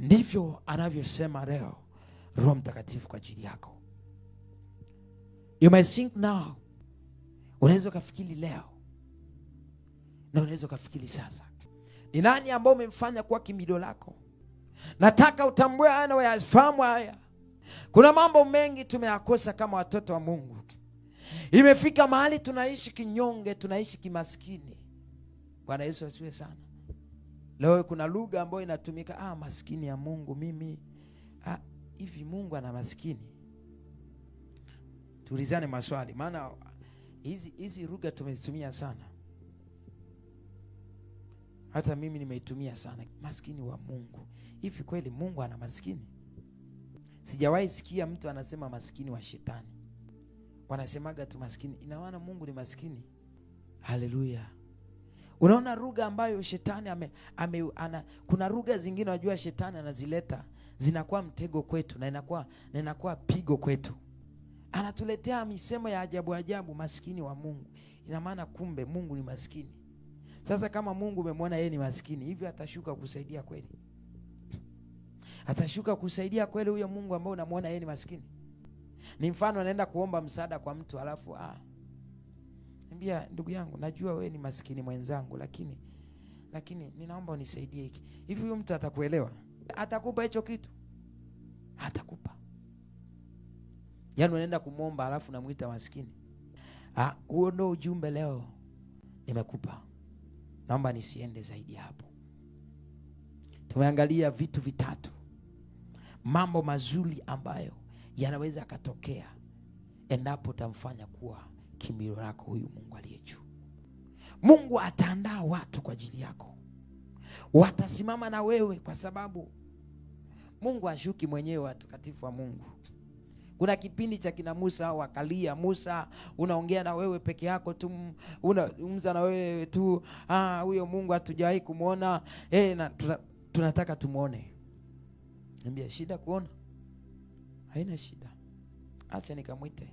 Ndivyo anavyosema leo Roho Mtakatifu kwa ajili yako. You may think now, unaweza ukafikiri leo na unaweza ukafikiri sasa, ni nani ambao umemfanya kuwa kimbilio lako? Nataka utambue haya na wayafahamu haya. Kuna mambo mengi tumeyakosa kama watoto wa Mungu. Imefika mahali tunaishi kinyonge, tunaishi kimaskini. Bwana Yesu asiwe sana Leo kuna lugha ambayo inatumika, ah, maskini ya Mungu mimi. Ah, hivi Mungu ana maskini? Tuulizane maswali, maana hizi hizi lugha tumezitumia sana. Hata mimi nimeitumia sana, maskini wa Mungu. Hivi kweli Mungu ana maskini? Sijawahi sikia mtu anasema maskini wa shetani, wanasemaga tu maskini. Ina maana Mungu ni maskini? Haleluya! Unaona lugha ambayo shetani ame, ame, ana, kuna lugha zingine unajua shetani anazileta zinakuwa mtego kwetu na inakuwa, na inakuwa pigo kwetu. Anatuletea misemo ya ajabu ajabu, maskini wa Mungu. Ina maana kumbe Mungu ni maskini. Sasa kama Mungu umemwona yeye ni maskini, hivyo atashuka kusaidia kweli? Atashuka kusaidia kweli huyo Mungu ambaye unamwona yeye ni maskini? Ni mfano anaenda kuomba msaada kwa mtu alafu ah Nambia, ndugu yangu, najua we ni maskini mwenzangu, lakini lakini ninaomba unisaidie hiki hivi. Huyu mtu atakuelewa, atakupa hicho kitu, atakupa yaani unaenda kumwomba alafu namwita maskini. Ah, huo ndo ujumbe leo. Nimekupa, naomba nisiende zaidi hapo. Tumeangalia vitu vitatu, mambo mazuri ambayo yanaweza akatokea endapo utamfanya kuwa kimbilio lako huyu Mungu aliye juu. Mungu ataandaa watu kwa ajili yako, watasimama na wewe kwa sababu Mungu ashuki mwenyewe, watakatifu wa Mungu. Kuna kipindi cha kina Musa wakalia, Musa unaongea na wewe peke yako tu, unazungumza na wewe tu, ah, huyo Mungu hatujawahi kumwona. Hey, eh, na tunataka tumwone. Niambia shida kuona, haina shida, acha nikamwite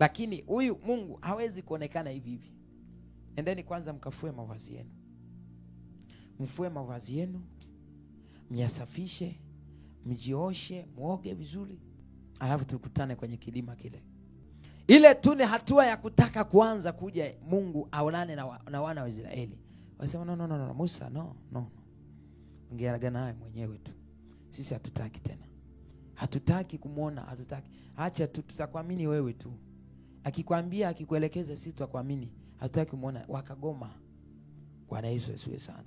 lakini huyu Mungu hawezi kuonekana hivi hivi. Endeni kwanza mkafue mavazi yenu, mfue mavazi yenu, myasafishe, mjioshe, mwoge vizuri, alafu tukutane kwenye kilima kile. Ile tu ni hatua ya kutaka kuanza kuja Mungu aonane na, wa, na wana wa Israeli. Wasema no, no, no, no, Musa no, no. Ungeagana naye mwenyewe tu, sisi hatutaki tena, hatutaki kumwona, hatutaki, acha tu, tutakuamini wewe tu akikwambia akikuelekeza, sisi twakuamini, hatutaki kumwona. Wakagoma. Bwana Yesu asiwe sana.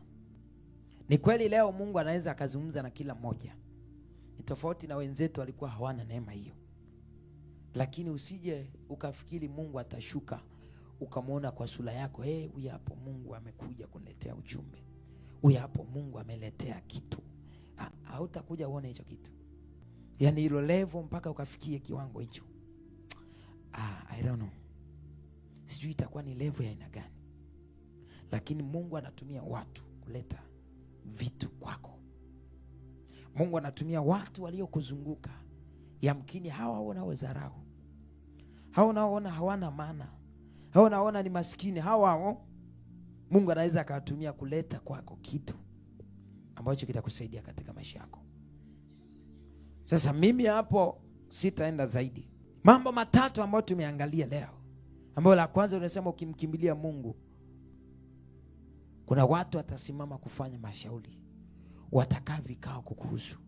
Ni kweli leo Mungu anaweza akazungumza na kila mmoja, ni tofauti na wenzetu walikuwa hawana neema hiyo, lakini usije ukafikiri Mungu atashuka ukamwona kwa sura yako. Hey, eh, huyu hapo Mungu amekuja kuniletea ujumbe, huyu hapo Mungu ameletea kitu. Hautakuja uone hicho kitu, yaani hilo levo mpaka ukafikie kiwango hicho. Ah, I don't know. Sijui itakuwa ni levu ya aina gani, lakini Mungu anatumia watu kuleta vitu kwako. Mungu anatumia watu waliokuzunguka, yamkini hawa unaodharau, hawa unaoona hawana maana, hawa unaona ni maskini, hawa hao Mungu anaweza akawatumia kuleta kwako kitu ambacho kitakusaidia katika maisha yako. Sasa mimi hapo sitaenda zaidi Mambo matatu ambayo tumeangalia leo, ambayo la kwanza unasema ukimkimbilia Mungu, kuna watu watasimama kufanya mashauri, watakaa vikao kukuhusu,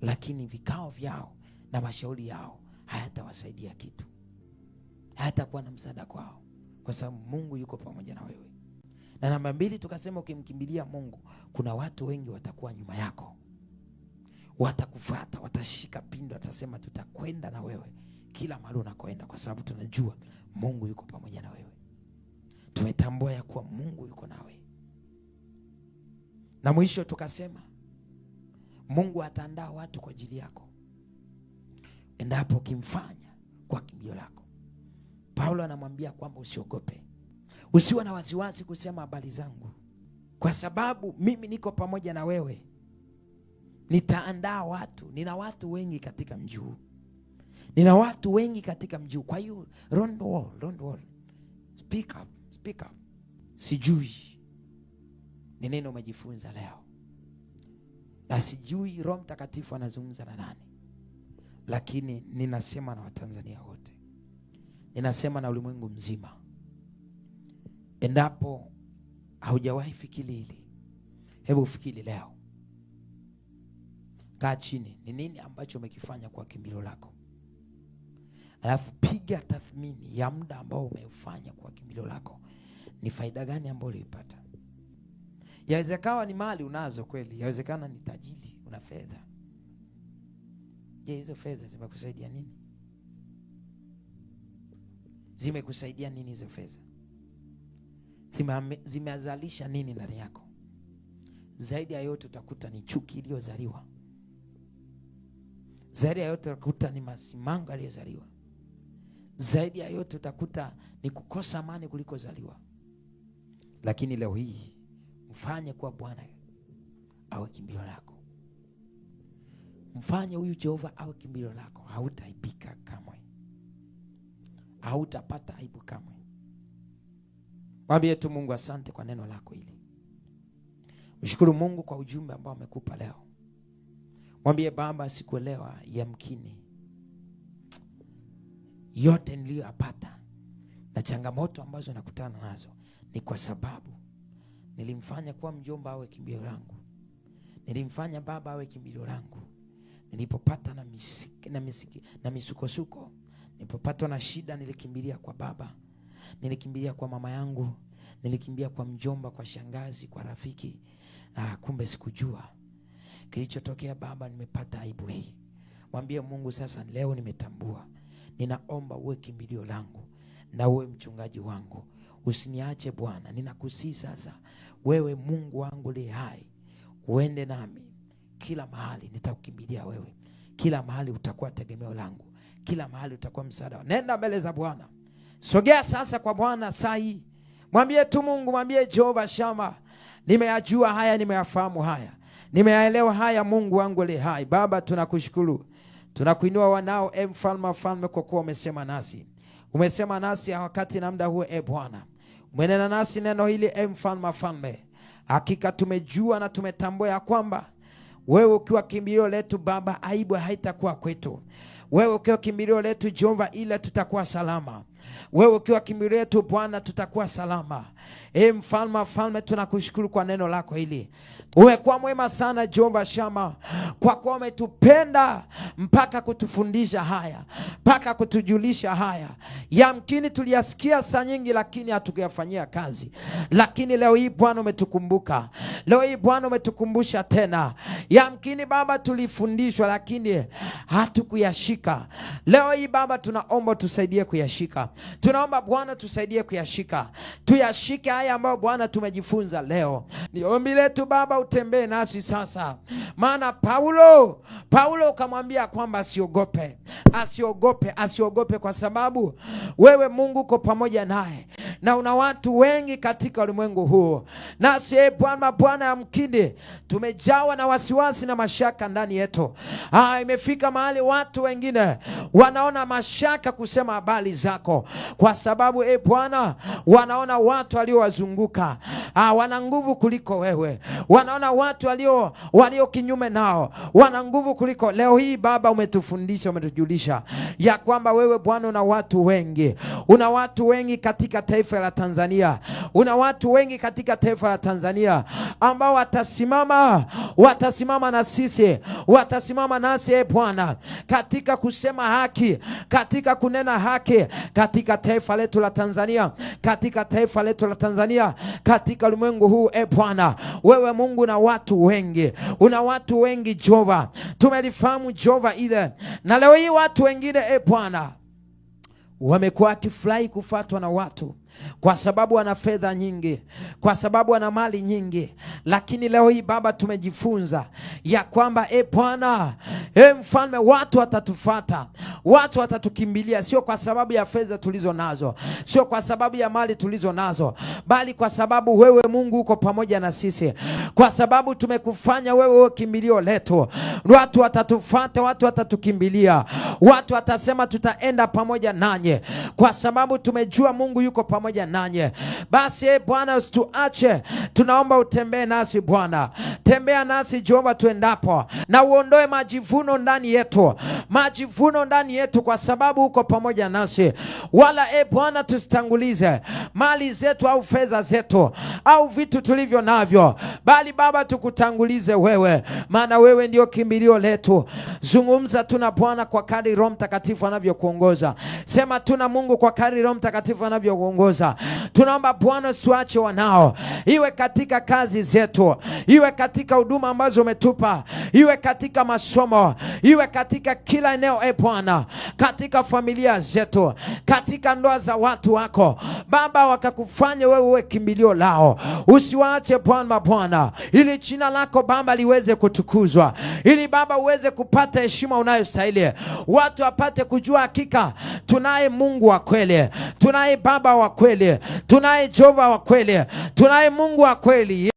lakini vikao vyao na mashauri yao hayatawasaidia kitu, hayatakuwa na msaada kwao, kwa sababu Mungu yuko pamoja na wewe. Na namba mbili tukasema ukimkimbilia Mungu, kuna watu wengi watakuwa nyuma yako watakufata, watashika pindo, watasema tutakwenda na wewe kila mahali unakoenda, kwa sababu tunajua Mungu yuko pamoja na wewe. Tumetambua ya kuwa Mungu yuko nawe, na mwisho tukasema Mungu ataandaa watu kwa ajili yako endapo ukimfanya kwa kimbilio lako. Paulo anamwambia kwamba usiogope, usiwe na wasiwasi kusema habari zangu, kwa sababu mimi niko pamoja na wewe nitaandaa watu. Nina watu wengi katika mji huu, nina watu wengi katika mji huu. Kwa hiyo round the world, round the world. Speak up, speak up. Sijui ni neno umejifunza leo, na sijui Roho Mtakatifu anazungumza na nani, lakini ninasema na Watanzania wote, ninasema na ulimwengu mzima, endapo haujawahi fikiri hili, hebu fikiri leo. Kaa chini, ni nini ambacho umekifanya kwa kimbilio lako? Alafu piga tathmini ya muda ambao umeufanya kwa kimbilio lako, ni faida gani ambayo uliipata? Yawezekana ni mali unazo kweli, yawezekana ni tajiri, una fedha. Je, hizo fedha zimekusaidia nini? Zimekusaidia nini hizo fedha? Zimezalisha nini ndani yako? Zaidi ya yote, utakuta ni chuki iliyozaliwa zaidi ya yote utakuta ni masimango aliyozaliwa. Zaidi ya yote utakuta ni kukosa amani kulikozaliwa. Lakini leo hii mfanye kuwa Bwana awe kimbio lako, mfanye huyu Jehova awe kimbio lako. Hautaibika kamwe, hautapata aibu kamwe. Mwambie tu Mungu asante kwa neno lako hili. Mshukuru Mungu kwa ujumbe ambao amekupa leo. Mwambie Baba, sikuelewa, yamkini yote niliyoyapata na changamoto ambazo nakutana nazo ni kwa sababu nilimfanya kuwa mjomba awe kimbio langu, nilimfanya baba awe kimbio langu. Nilipopata na misiki, na misiki, na misukosuko, nilipopatwa na shida, nilikimbilia kwa baba, nilikimbilia kwa mama yangu, nilikimbia kwa mjomba, kwa shangazi, kwa rafiki, na ah, kumbe sikujua kilichotokea Baba, nimepata aibu hii. Mwambie Mungu sasa, leo nimetambua, ninaomba uwe kimbilio langu na uwe mchungaji wangu, usiniache Bwana. Ninakusii sasa, wewe Mungu wangu li hai, uende nami kila mahali, nitakukimbilia wewe kila mahali utakuwa tegemeo langu, kila mahali utakuwa msaada. Nenda mbele za Bwana, sogea sasa kwa Bwana saa hii, mwambie tu Mungu, mwambie Jehova Shama, nimeyajua haya, nimeyafahamu haya Nimeyaelewa haya, Mungu wangu aliye hai. Baba, tunakushukuru, tunakuinua wanao, e mfalme mfalme falme, kwa kuwa umesema nasi, umesema nasi wakati na muda huo. E Bwana, umenena nasi neno hili, e mfalme mfalme falme. Hakika tumejua na tumetambua ya kwamba wewe ukiwa kimbilio letu, Baba, aibu haitakuwa kwetu. Wewe ukiwa kimbilio letu Jehova, ila tutakuwa salama. Wewe ukiwa kimbilio letu Bwana, tutakuwa salama. E mfalme wa falme, tunakushukuru kwa neno lako hili. Umekuwa mwema sana Jehova Shama, kwa kuwa umetupenda mpaka kutufundisha haya, mpaka kutujulisha haya. Yamkini tuliyasikia saa nyingi, lakini hatukuyafanyia kazi. Lakini leo hii Bwana umetukumbuka, leo hii Bwana umetukumbusha tena. Yamkini Baba, tulifundishwa lakini hatukuyashika kuyashika. Leo hii Baba, tunaomba tusaidie kuyashika. Tunaomba Bwana tusaidie kuyashika, tuyashike haya ambayo Bwana tumejifunza leo. Ni ombi letu Baba, utembee nasi sasa, maana Paulo Paulo ukamwambia kwamba asiogope, asiogope, asiogope kwa sababu wewe Mungu uko pamoja naye na una watu wengi katika ulimwengu huu. Nasi e Bwana, mabwana ya mkindi, tumejawa na wasiwasi na mashaka ndani yetu. Aa, ah, imefika mahali watu wengine wanaona mashaka kusema habari zako, kwa sababu e Bwana, wanaona watu waliowazunguka ah, wana nguvu kuliko wewe, wanaona watu walio walio kinyume nao wana nguvu kuliko. Leo hii Baba, umetufundisha umetujulisha ya kwamba wewe Bwana una watu wengi, una watu wengi katika taifa taifa la Tanzania. Una watu wengi katika taifa la Tanzania ambao watasimama, watasimama na sisi, watasimama nasi e Bwana, katika kusema haki, katika kunena haki katika taifa letu la Tanzania, katika taifa letu la Tanzania, katika ulimwengu huu e Bwana. Wewe Mungu na watu wengi, una watu wengi Jova, tumelifahamu Jova ile, na leo hii watu wengine e Bwana wamekuwa wakifurahi kufatwa na watu kwa sababu ana fedha nyingi, kwa sababu ana mali nyingi. Lakini leo hii Baba, tumejifunza ya kwamba e Bwana, e Mfalme, watu watatufata, watu watatukimbilia, sio kwa sababu ya fedha tulizo nazo, sio kwa sababu ya mali tulizo nazo, bali kwa sababu wewe Mungu uko pamoja na sisi, kwa sababu tumekufanya wewe uwe kimbilio letu. Watu watatufata, watu watatukimbilia, watu watasema tutaenda pamoja nanye, kwa sababu tumejua Mungu yuko pamoja pamoja nanye. Basi e Bwana, usituache, tunaomba utembee nasi Bwana, tembea nasi Jehova tuendapo, na uondoe majivuno ndani yetu, majivuno ndani yetu, kwa sababu uko pamoja nasi. Wala e Bwana, tusitangulize mali zetu au fedha zetu au vitu tulivyo navyo, bali Baba tukutangulize wewe, maana wewe ndio kimbilio letu. Zungumza tuna Bwana kwa kadri Roho Mtakatifu anavyokuongoza, sema tuna Mungu kwa kadri Roho Mtakatifu anavyokuongoza kuongoza. Tunaomba Bwana, usituache wanao, iwe katika kazi zetu, iwe katika huduma ambazo umetupa, iwe katika masomo, iwe katika kila eneo, e Bwana, katika familia zetu, katika ndoa za watu wako Baba, wakakufanya wewe uwe kimbilio lao. Usiwaache Bwana, Bwana, ili jina lako Baba liweze kutukuzwa, ili Baba uweze kupata heshima unayostahili, watu wapate kujua hakika tunaye Mungu wa kweli, tunaye Baba wa kweli kweli, tunaye Jehova wa kweli, tunaye Mungu wa kweli.